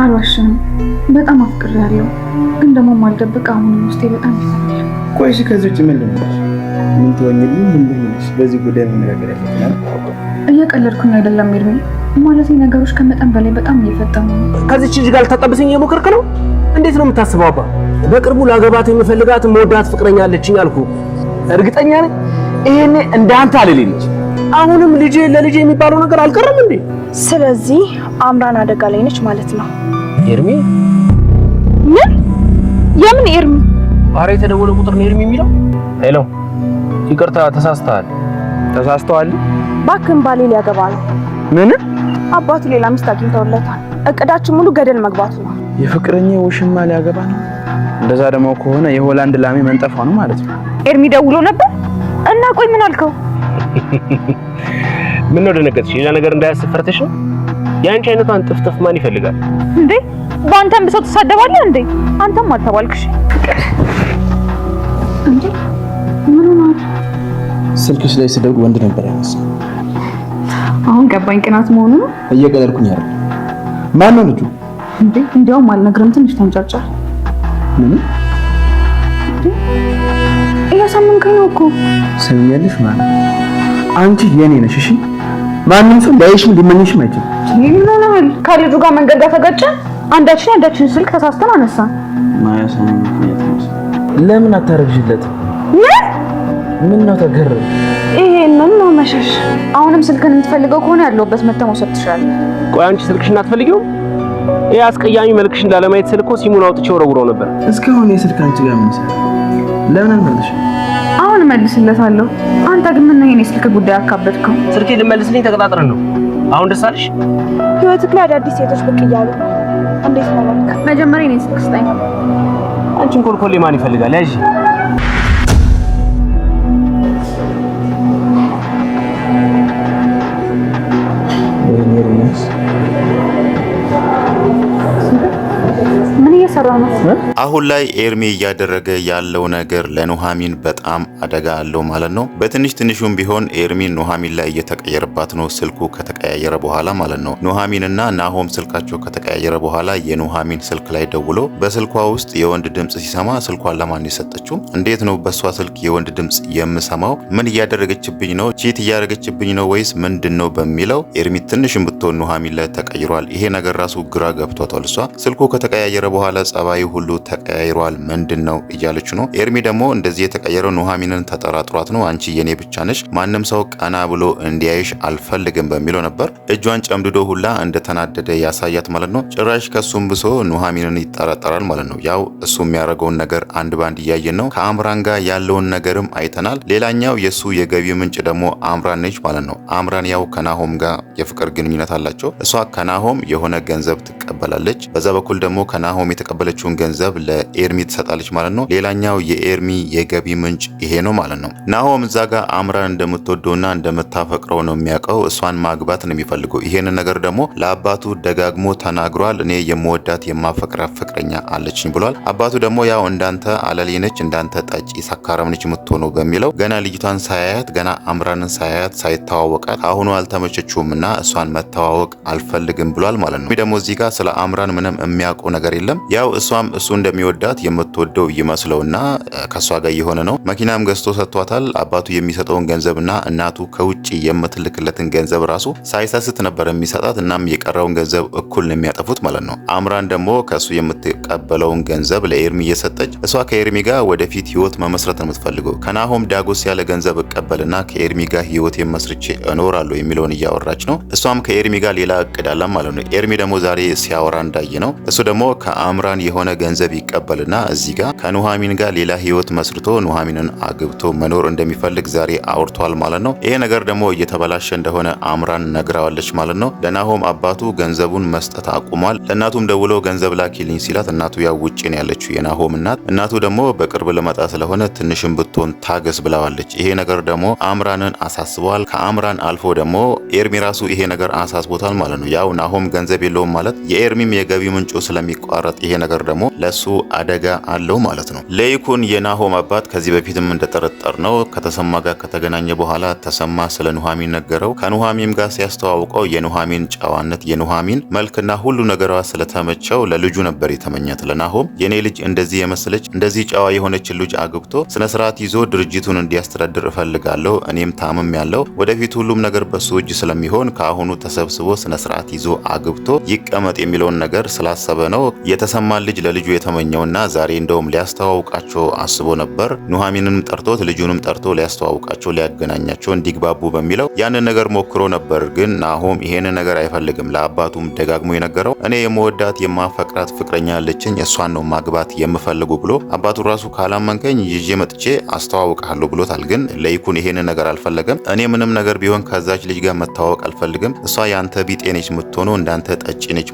አልዋሽንም፣ በጣም አፍቅር ያለው ግን ደግሞ ማልደብቅ አሁንም ውስጤ በጣም ይፈል። ቆይሽ ከዚህ ውጭ ምን ልንልሽ ምን ትወኝሉ ምን ልንልሽ? በዚህ ጉዳይ መነጋገር ያለ? እየቀለድኩኝ አይደለም ኤርሚ፣ ማለት ነገሮች ከመጠን በላይ በጣም እየፈጠሙ ነው። ከዚች ልጅ ጋር ልታጣብሰኝ እየሞከርክ ነው? እንዴት ነው የምታስበው? አባ በቅርቡ ላገባት የምፈልጋት መወዳት ፍቅረኛ አለችኝ አልኩ። እርግጠኛ ነኝ ይሄኔ እንዳንተ አልልልሽ። አሁንም ልጄ ለልጄ የሚባለው ነገር አልቀረም እንዴ? ስለዚህ አምራን አደጋ ላይ ነች ማለት ነው። ኤርሚ ምን? የምን ኤርሚ? ኧረ የተደወለ ቁጥር ነው ኤርሚ የሚለው። ሄሎ፣ ይቅርታ ተሳስተሃል። ተሳስተዋል። ባክን ባሌ ሊያገባ ነው። ምን? አባቱ ሌላ ሚስት አግኝተውለታል። እቅዳችን ሙሉ ገደል መግባቱ ነው። የፍቅረኛ ውሽማ ሊያገባ ነው። እንደዛ ደግሞ ከሆነ የሆላንድ ላሜ መንጠፋ ነው ማለት ነው። ኤርሚ ደውሎ ነበር እና ቆይ ምን አልከው? ምን ነው ደነገጥሽ? ሌላ ነገር እንዳያስፈርተሽ ነው የአንቺ አይነቷን ጥፍጥፍ ማን ይፈልጋል እንዴ? በአንተም ብሰው ትሳደባለህ እንዴ? አንተም አልተባልክሽ እንዴ? ምን ማለት ስልክሽ ላይ ስደውል ወንድ ነበር ያነሳው። አሁን ገባኝ፣ ቅናት መሆኑ ነው። እየቀለድኩኝ አይደል? ማን ነው ልጁ እንዴ? እንዲያውም አልነግርም። ትንሽ ተንጫጫ። ምን እያሳመንከኝ ነው እኮ ሰሚያለሽ። ማለት አንቺ የኔ ነሽ እሺ ማንም ሰው ላይሽም ሊመኝሽም አይችልም። ይምናል ከልጁ ጋር መንገድ ጋር ተጋጨን፣ አንዳችን አንዳችን ስልክ ተሳስተን አነሳ። ማያሰሙ ነው። ለምን አታረግሽለት? ምን ምን ነው ተገረ ይሄንን ነው መሸሽ። አሁንም ስልክን የምትፈልገው ከሆነ ያለውበት መተህ መውሰድ ትችላለህ። ቆይ አንቺ ስልክሽን አትፈልጊውም? ይሄ አስቀያሚ መልክሽን ላለማየት ስልኮ ሲሙን አውጥቼ ወረውረው ነበር። እስካሁን የስልክ አንቺ ጋር ምን ለምን አልመለሽም? እሷን እመልስለታለሁ። አንተ ግን ምን ነው የኔ ስልክ ጉዳይ አካበድከው? ስልኬ ልመልስልኝ ተቀጣጥረን ነው። አሁን ደስ አለሽ? ህይወትክ ላይ አዳዲስ ሴቶች ብቅ እያሉ እንዴት ነው? መጀመሪያ የኔ ስልክ ስጠኝ። አንቺን ኮልኮሌ ማን ይፈልጋል? ያዥ አሁን ላይ ኤርሚ እያደረገ ያለው ነገር ለኑሐሚን በ በጣም አደጋ አለው ማለት ነው። በትንሽ ትንሹም ቢሆን ኤርሚን ኑሐሚን ላይ እየተቀየረባት ነው። ስልኩ ከተቀያየረ በኋላ ማለት ነው። እና ናሆም ስልካቸው ከተቀያየረ በኋላ የኑሐሚን ስልክ ላይ ደውሎ በስልኳ ውስጥ የወንድ ድምፅ ሲሰማ ስልኳን ለማን የሰጠችው? እንዴት ነው በእሷ ስልክ የወንድ ድምፅ የምሰማው? ምን እያደረገችብኝ ነው? ቺት እያደረገችብኝ ነው ወይስ ምንድን ነው በሚለው ኤርሚ ትንሽም ብትሆን ኑሐሚን ላይ ተቀይሯል። ይሄ ነገር ራሱ ግራ ገብቷታል። እሷ ስልኩ ከተቀያየረ በኋላ ጸባዩ ሁሉ ተቀያይሯል። ምንድን ነው እያለች ነው። ኤርሚ ደግሞ እንደዚህ የተቀየረው ኑሐሚንን ተጠራጥሯት ነው አንቺ የኔ ብቻ ነሽ፣ ማንም ሰው ቀና ብሎ እንዲያይሽ አልፈልግም በሚለው ነበር። እጇን ጨምድዶ ሁላ እንደተናደደ ያሳያት ማለት ነው። ጭራሽ ከሱም ብሶ ኑሐሚንን ይጠራጠራል ማለት ነው። ያው እሱ የሚያደርገውን ነገር አንድ ባንድ እያየን ነው። ከአምራን ጋር ያለውን ነገርም አይተናል። ሌላኛው የእሱ የገቢ ምንጭ ደግሞ አምራን ነች ማለት ነው። አምራን ያው ከናሆም ጋር የፍቅር ግንኙነት አላቸው። እሷ ከናሆም የሆነ ገንዘብ ትቀበላለች። በዛ በኩል ደግሞ ከናሆም የተቀበለችውን ገንዘብ ለኤርሚ ትሰጣለች ማለት ነው። ሌላኛው የኤርሚ የገቢ ምንጭ ምንጭ ይሄ ነው ማለት ነው። ናሆም እዛ ጋር አምራን እንደምትወደውና እንደምታፈቅረው ነው የሚያውቀው። እሷን ማግባት ነው የሚፈልገው። ይሄን ነገር ደግሞ ለአባቱ ደጋግሞ ተናግሯል። እኔ የምወዳት የማፈቅራት ፍቅረኛ አለችኝ ብሏል። አባቱ ደግሞ ያው እንዳንተ አለሌ ነች፣ እንዳንተ ጠጪ ሰካራም ነች የምትሆነው በሚለው ገና ልጅቷን ሳያያት ገና አምራንን ሳያያት ሳይተዋወቃት አሁኑ አልተመቸችውም እና እሷን መተዋወቅ አልፈልግም ብሏል ማለት ነው። ደግሞ እዚህ ጋር ስለ አምራን ምንም የሚያውቀው ነገር የለም። ያው እሷም እሱ እንደሚወዳት የምትወደው ይመስለውና ከእሷ ጋር የሆነ ነው መኪናም ገዝቶ ሰጥቷታል። አባቱ የሚሰጠውን ገንዘብና እናቱ ከውጭ የምትልክለትን ገንዘብ ራሱ ሳይሰስት ነበር የሚሰጣት። እናም የቀረውን ገንዘብ እኩል ነው የሚያጠፉት ማለት ነው። አምራን ደግሞ ከእሱ የምትቀበለውን ገንዘብ ለኤርሚ እየሰጠች እሷ ከኤርሚ ጋር ወደፊት ህይወት መመስረት ነው የምትፈልገው። ከናሆም ዳጎስ ያለ ገንዘብ እቀበልና ከኤርሚ ጋር ህይወት መስርቼ እኖራለሁ የሚለውን እያወራች ነው። እሷም ከኤርሚ ጋር ሌላ እቅድ ማለት ነው። ኤርሚ ደግሞ ዛሬ ሲያወራ እንዳየ ነው። እሱ ደግሞ ከአምራን የሆነ ገንዘብ ይቀበልና እዚህ ጋር ከኑሃሚን ጋር ሌላ ህይወት መስርቶ ኑሃሚን ይህንን አግብቶ መኖር እንደሚፈልግ ዛሬ አውርቷል ማለት ነው። ይሄ ነገር ደግሞ እየተበላሸ እንደሆነ አምራን ነግራዋለች ማለት ነው። ለናሆም አባቱ ገንዘቡን መስጠት አቁሟል። ለእናቱም ደውሎ ገንዘብ ላኪልኝ ሲላት እናቱ ያው ውጭ ነው ያለችው የናሆም እናት። እናቱ ደግሞ በቅርብ ልመጣ ስለሆነ ትንሽም ብትሆን ታገስ ብለዋለች። ይሄ ነገር ደግሞ አምራንን አሳስበዋል። ከአምራን አልፎ ደግሞ ኤርሚ ራሱ ይሄ ነገር አሳስቦታል ማለት ነው። ያው ናሆም ገንዘብ የለውም ማለት የኤርሚም የገቢ ምንጩ ስለሚቋረጥ ይሄ ነገር ደግሞ ለሱ አደጋ አለው ማለት ነው። ለይኩን የናሆም አባት ከዚህ በፊት በፊትም እንደጠረጠር ነው ከተሰማ ጋር ከተገናኘ በኋላ ተሰማ ስለ ኑሐሚን ነገረው። ከኑሐሚን ጋር ሲያስተዋውቀው የኑሐሚን ጨዋነት፣ የኑሐሚን መልክና ሁሉ ነገሯ ስለተመቸው ለልጁ ነበር የተመኛት ለናሆም የኔ ልጅ እንደዚህ የመሰለች እንደዚህ ጨዋ የሆነችን ልጅ አግብቶ ስነ ስርዓት ይዞ ድርጅቱን እንዲያስተዳድር እፈልጋለሁ። እኔም ታምም ያለው ወደፊት ሁሉም ነገር በሱ እጅ ስለሚሆን ከአሁኑ ተሰብስቦ ስነ ስርዓት ይዞ አግብቶ ይቀመጥ የሚለውን ነገር ስላሰበ ነው የተሰማን ልጅ ለልጁ የተመኘውና ዛሬ እንደውም ሊያስተዋውቃቸው አስቦ ነበር ኑሐሚን እኔንም ጠርቶት ልጁንም ጠርቶ ሊያስተዋውቃቸው ሊያገናኛቸው እንዲግባቡ በሚለው ያንን ነገር ሞክሮ ነበር። ግን ናሆም ይሄን ነገር አይፈልግም። ለአባቱም ደጋግሞ የነገረው እኔ የመወዳት የማፈቅራት ፍቅረኛ ያለችኝ እሷን ነው ማግባት የምፈልጉ ብሎ አባቱ ራሱ ካላመንከኝ ይዤ መጥቼ አስተዋውቃለሁ ብሎታል። ግን ለይኩን ይሄንን ነገር አልፈለገም። እኔ ምንም ነገር ቢሆን ከዛች ልጅ ጋር መታዋወቅ አልፈልግም። እሷ ያንተ ቢጤነች ነች እንዳንተ ጠጪ ነች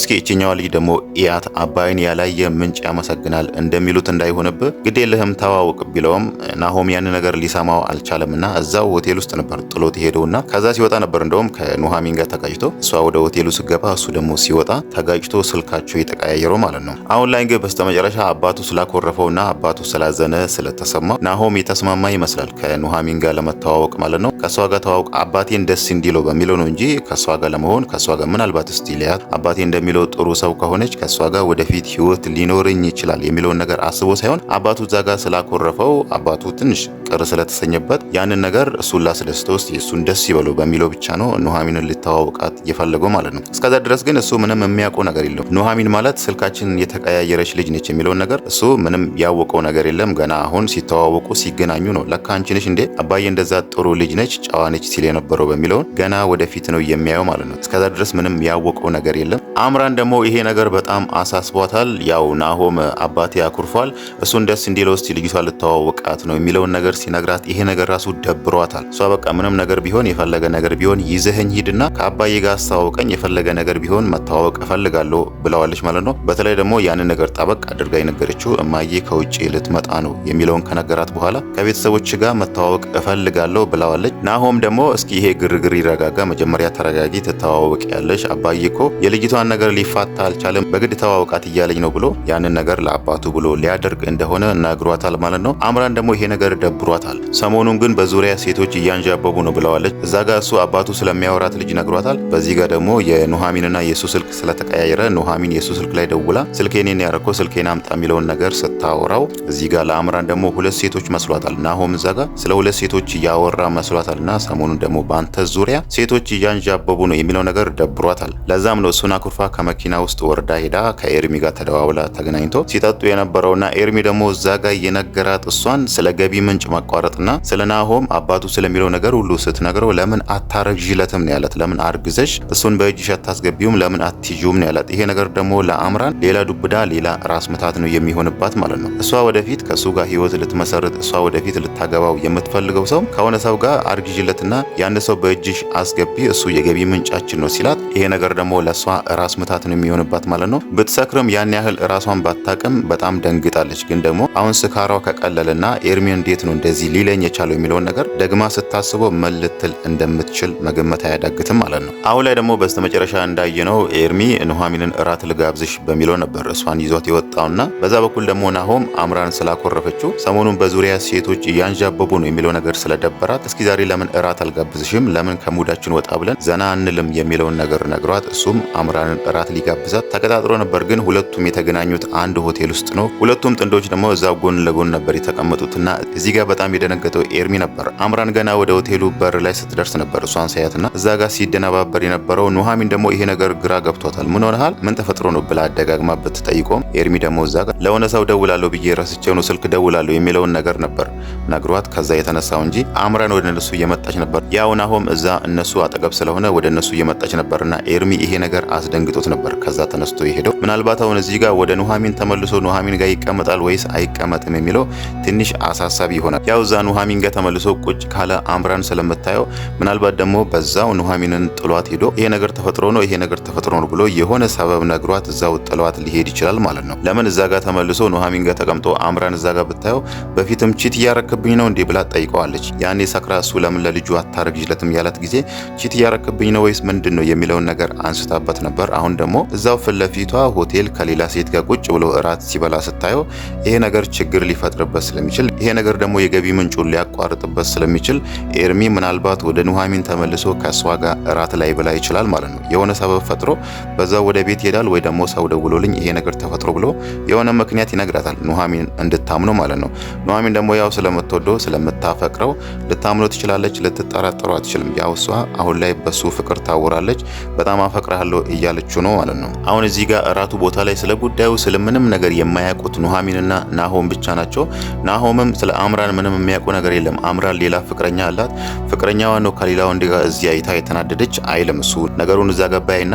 እስኪ ይችኛዋ ልጅ ደግሞ ኢያት አባይን ያላየ ምንጭ ያመሰግናል እንደሚሉት እንዳይሆንብህ ግዴ ልህም ተዋውቅ ቢለው የለውም። ናሆም ያን ነገር ሊሰማው አልቻለም እና እዛው ሆቴል ውስጥ ነበር ጥሎት እና ከዛ ሲወጣ ነበር እንደውም ከኑሐሚን ጋር ተጋጭቶ እሷ ወደ ሆቴሉ ስገባ እሱ ደግሞ ሲወጣ ተጋጭቶ ስልካቸው የተቀያየረው ማለት ነው። አሁን ላይ ግን በስተመጨረሻ አባቱ ስላኮረፈውና አባቱ ስላዘነ ስለተሰማው ናሆም የተስማማ ይመስላል ከኑሐሚን ጋር ለመተዋወቅ ማለት ነው። ከእሷ ጋር ተዋውቅ አባቴን ደስ እንዲለው በሚለው ነው እንጂ ከእሷ ጋር ለመሆን ከእሷ ጋር ምናልባት እስቲ ሊያት አባቴ እንደሚለው ጥሩ ሰው ከሆነች ከእሷ ጋር ወደፊት ህይወት ሊኖረኝ ይችላል የሚለውን ነገር አስቦ ሳይሆን አባቱ እዛ ጋር ስላኮረፈው ስትለው አባቱ ትንሽ ቅር ስለተሰኘበት ያንን ነገር እሱን ላስደስተው ውስጥ የእሱን ደስ ይበለው በሚለው ብቻ ነው ኑሐሚንን ሊተዋወቃት እየፈለገው ማለት ነው። እስከዛ ድረስ ግን እሱ ምንም የሚያውቀው ነገር የለውም። ኑሐሚን ማለት ስልካችን የተቀያየረች ልጅ ነች የሚለውን ነገር እሱ ምንም ያወቀው ነገር የለም። ገና አሁን ሲተዋወቁ ሲገናኙ ነው ለካ አንቺ ነሽ እንዴ አባዬ እንደዛ ጥሩ ልጅ ነች ጨዋ ነች ሲል የነበረው በሚለውን ገና ወደፊት ነው የሚያየው ማለት ነው። እስከዛ ድረስ ምንም ያወቀው ነገር የለም። አምራን ደግሞ ይሄ ነገር በጣም አሳስቧታል። ያው ናሆም አባቴ አኩርፏል፣ እሱን ደስ እንዲለው እስቲ ልጅቷ ልተዋ እያስተዋወቃት ነው የሚለውን ነገር ሲነግራት ይሄ ነገር ራሱ ደብሯታል። እሷ በቃ ምንም ነገር ቢሆን የፈለገ ነገር ቢሆን ይዘህኝ ሂድና ከአባዬ ጋር አስተዋውቀኝ የፈለገ ነገር ቢሆን መተዋወቅ እፈልጋለሁ ብለዋለች ማለት ነው። በተለይ ደግሞ ያንን ነገር ጣበቅ አድርጋ የነገረችው እማዬ ከውጭ ልትመጣ ነው የሚለውን ከነገራት በኋላ ከቤተሰቦች ጋር መተዋወቅ እፈልጋለሁ ብለዋለች። ናሆም ደግሞ እስኪ ይሄ ግርግር ይረጋጋ፣ መጀመሪያ ተረጋጊ፣ ትተዋወቅ ያለሽ አባዬ እኮ የልጅቷን ነገር ሊፋታ አልቻለም፣ በግድ ተዋወቃት እያለኝ ነው ብሎ ያንን ነገር ለአባቱ ብሎ ሊያደርግ እንደሆነ ነግሯታል ማለት ነው። አምራን ደግሞ ይሄ ነገር ደብሯታል። ሰሞኑን ግን በዙሪያ ሴቶች እያንዣበቡ ነው ብለዋለች። እዛ ጋር እሱ አባቱ ስለሚያወራት ልጅ ነግሯታል። በዚህ ጋር ደግሞ የኑሐሚንና የእሱ ስልክ ስለተቀያየረ ኑሐሚን የእሱ ስልክ ላይ ደውላ ስልኬኔን ያረኮ ስልኬን አምጣ የሚለውን ነገር ስታወራው እዚህ ጋር ለአምራን ደግሞ ሁለት ሴቶች መስሏታል። ናሆም እዛ ጋር ስለ ሁለት ሴቶች እያወራ መስሏታልና ሰሞኑን ደግሞ በአንተ ዙሪያ ሴቶች እያንዣበቡ ነው የሚለው ነገር ደብሯታል። ለዛም ነው እሱን አኩርፋ ከመኪና ውስጥ ወርዳ ሄዳ ከኤርሚ ጋር ተደዋውላ ተገናኝቶ ሲጠጡ የነበረውና ኤርሚ ደግሞ እዛ ጋር የነገራት እሷን ስለ ገቢ ምንጭ መቋረጥና ስለ ናሆም አባቱ ስለሚለው ነገር ሁሉ ስትነግረው ለምን አታረግዥለትም ነው ያለት። ለምን አርግዘሽ እሱን በእጅሽ አታስገቢውም ለምን አትይዥውም ነው ያለት። ይሄ ነገር ደግሞ ለአምራን ሌላ ዱብዳ፣ ሌላ ራስ ምታት ነው የሚሆንባት ማለት ነው። እሷ ወደፊት ከእሱ ጋር ህይወት ልትመሰርት እሷ ወደፊት ልታገባው የምትፈልገው ሰው ከሆነ ሰው ጋር አርግዥለትና ያን ሰው በእጅሽ አስገቢ፣ እሱ የገቢ ምንጫችን ነው ሲላት፣ ይሄ ነገር ደግሞ ለእሷ ራስ ምታት ነው የሚሆንባት ማለት ነው። ብትሰክርም ያን ያህል ራሷን ባታቅም በጣም ደንግጣለች። ግን ደግሞ አሁን ስካሯ ከቀለለ እንደምትችልና ኤርሚ እንዴት ነው እንደዚህ ሊለኝ የቻለው የሚለውን ነገር ደግማ ስታስበው ምን ልትል እንደምትችል መገመት አያዳግትም ማለት ነው። አሁን ላይ ደግሞ በስተመጨረሻ እንዳየነው ኤርሚ ኑሐሚንን እራት ልጋብዝሽ በሚለው ነበር እሷን ይዟት የወጣውና በዛ በኩል ደግሞ ናሆም አምራን ስላኮረፈችው ሰሞኑን በዙሪያ ሴቶች እያንዣበቡ ነው የሚለው ነገር ስለደበራት እስኪ ዛሬ ለምን እራት አልጋብዝሽም፣ ለምን ከሙዳችን ወጣ ብለን ዘና አንልም የሚለውን ነገር ነግሯት እሱም አምራንን እራት ሊጋብዛት ተቀጣጥሮ ነበር። ግን ሁለቱም የተገናኙት አንድ ሆቴል ውስጥ ነው። ሁለቱም ጥንዶች ደግሞ እዛ ጎን ለጎን ነበር የተቀመጡትና እዚህ ጋር በጣም የደነገጠው ኤርሚ ነበር። አምራን ገና ወደ ሆቴሉ በር ላይ ስትደርስ ነበር እሷን ሳያትና እዛ ጋር ሲደነባበር የነበረው ኑሐሚን ደግሞ ይሄ ነገር ግራ ገብቷታል። ምን ሆነሃል? ምን ተፈጥሮ ነው ብላ አደጋግማ ብትጠይቆም ኤርሚ ደግሞ እዛ ጋር ለሆነ ሰው ደውላለሁ ብዬ ረስቼው ነው ስልክ ደውላለሁ የሚለውን ነገር ነበር ነግሯት ከዛ የተነሳው እንጂ አምራን ወደ እነሱ እየመጣች ነበር። ያው ናሆም እዛ እነሱ አጠገብ ስለሆነ ወደ እነሱ እየመጣች ነበርና ኤርሚ ይሄ ነገር አስደንግጦት ነበር። ከዛ ተነስቶ የሄደው ምናልባት አሁን እዚህ ጋር ወደ ኑሐሚን ተመልሶ ኑሐሚን ጋር ይቀመጣል ወይስ አይቀመጥም የሚለው ትንሽ አሳሳቢ ይሆናል። ያው እዛ ኑሐሚን ጋር ተመልሶ ቁጭ ካለ አምራን ስለምታየው ምናልባት ደግሞ በዛው ኑሐሚንን ጥሏት ሄዶ ይሄ ነገር ተፈጥሮ ነው ይሄ ነገር ተፈጥሮ ነው ብሎ የሆነ ሰበብ ነግሯት እዛው ጥሏት ሊሄድ ይችላል ማለት ነው። ለምን እዛ ጋር ተመልሶ ኑሐሚን ጋር ተቀምጦ አምራን እዛ ጋር ብታየው በፊትም ቺት እያረክብኝ ነው እንዴ ብላ ጠይቀዋለች። ያኔ ሰክራ እሱ ለምን ለልጁ አታረግጅለትም ያላት ጊዜ ቺት እያረክብኝ ነው ወይስ ምንድን ነው የሚለውን ነገር አንስታበት ነበር። አሁን ደግሞ እዛው ፊት ለፊቷ ሆቴል ከሌላ ሴት ጋር ቁጭ ብሎ እራት ሲበላ ስታየው ይሄ ነገር ችግር ሊፈጥርበት ስለሚችል ይሄ ነገር ደግሞ የገቢ ምንጩን ሊያቋርጥበት ስለሚችል ኤርሚ ምናልባት ወደ ኑሐሚን ተመልሶ ከእሷ ጋር እራት ላይ ብላ ይችላል ማለት ነው። የሆነ ሰበብ ፈጥሮ በዛ ወደ ቤት ይሄዳል፣ ወይ ደግሞ ሰው ደውሎልኝ ይሄ ነገር ተፈጥሮ ብሎ የሆነ ምክንያት ይነግራታል። ኑሐሚን እንደ የምታምነው ማለት ነው። ኑሐሚን ደግሞ ያው ስለምትወደው ስለምታፈቅረው ልታምኖ ትችላለች፣ ልትጠራጠሩ አትችልም። ያው እሷ አሁን ላይ በሱ ፍቅር ታውራለች። በጣም አፈቅርሃለሁ እያለችው ነው ማለት ነው። አሁን እዚህ ጋር እራቱ ቦታ ላይ ስለ ጉዳዩ ስለምንም ነገር የማያውቁት ኑሐሚንና ናሆም ብቻ ናቸው። ናሆምም ስለ አምራን ምንም የሚያውቁ ነገር የለም። አምራን ሌላ ፍቅረኛ አላት። ፍቅረኛዋ ነው ከሌላ ወንድ ጋር እዚያ አይታ የተናደደች አይልም እሱ ነገሩን እዛ ገባይና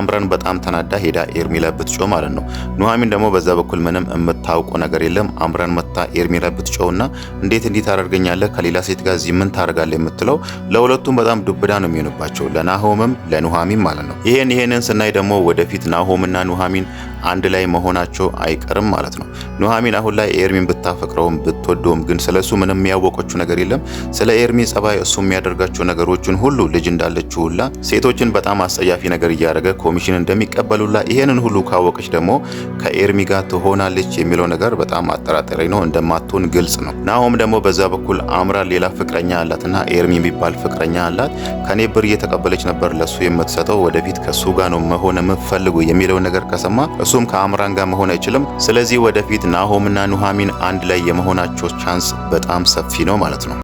አምራን በጣም ተናዳ ሄዳ ኤርሚላ ብትጮ ማለት ነው። ኑሐሚን ደግሞ በዛ በኩል ምንም የምታውቁ ነገር የለም። አምረን መጣ ኤርሚ ላይ ብትጮውና እንዴት እንዲህ ታደርገኛለህ ከሌላ ሴት ጋር እዚህ ምን ታደርጋለህ የምትለው ለሁለቱም በጣም ዱብዳ ነው የሚሆንባቸው፣ ለናሆምም ለኑሃሚን ማለት ነው። ይሄን ይሄንን ስናይ ደግሞ ወደፊት ናሆምና ኑሃሚን አንድ ላይ መሆናቸው አይቀርም ማለት ነው። ኑሃሚን አሁን ላይ ኤርሚን ብታፈቅረውም ብትወደውም ግን ስለሱ ምንም የሚያወቀችው ነገር የለም። ስለ ኤርሚ ጸባይ፣ እሱ የሚያደርጋቸው ነገሮችን ሁሉ ልጅ እንዳለችው ሁላ ሴቶችን በጣም አስጸያፊ ነገር እያደረገ ኮሚሽን እንደሚቀበሉላ ይሄንን ሁሉ ካወቀች ደግሞ ከኤርሚ ጋር ትሆናለች የሚለው ነገር በጣም አጠራ እየተጠራጠረኝ ነው እንደማትሆን ግልጽ ነው። ናሆም ደግሞ በዛ በኩል አምራ ሌላ ፍቅረኛ አላትና ኤርሚ የሚባል ፍቅረኛ አላት። ከኔ ብር እየተቀበለች ነበር ለሱ የምትሰጠው። ወደፊት ከሱ ጋር ነው መሆን የምፈልጉ የሚለው ነገር ከሰማ እሱም ከአምራን ጋር መሆን አይችልም። ስለዚህ ወደፊት ናሆምና ኑሃሚን አንድ ላይ የመሆናቸው ቻንስ በጣም ሰፊ ነው ማለት ነው።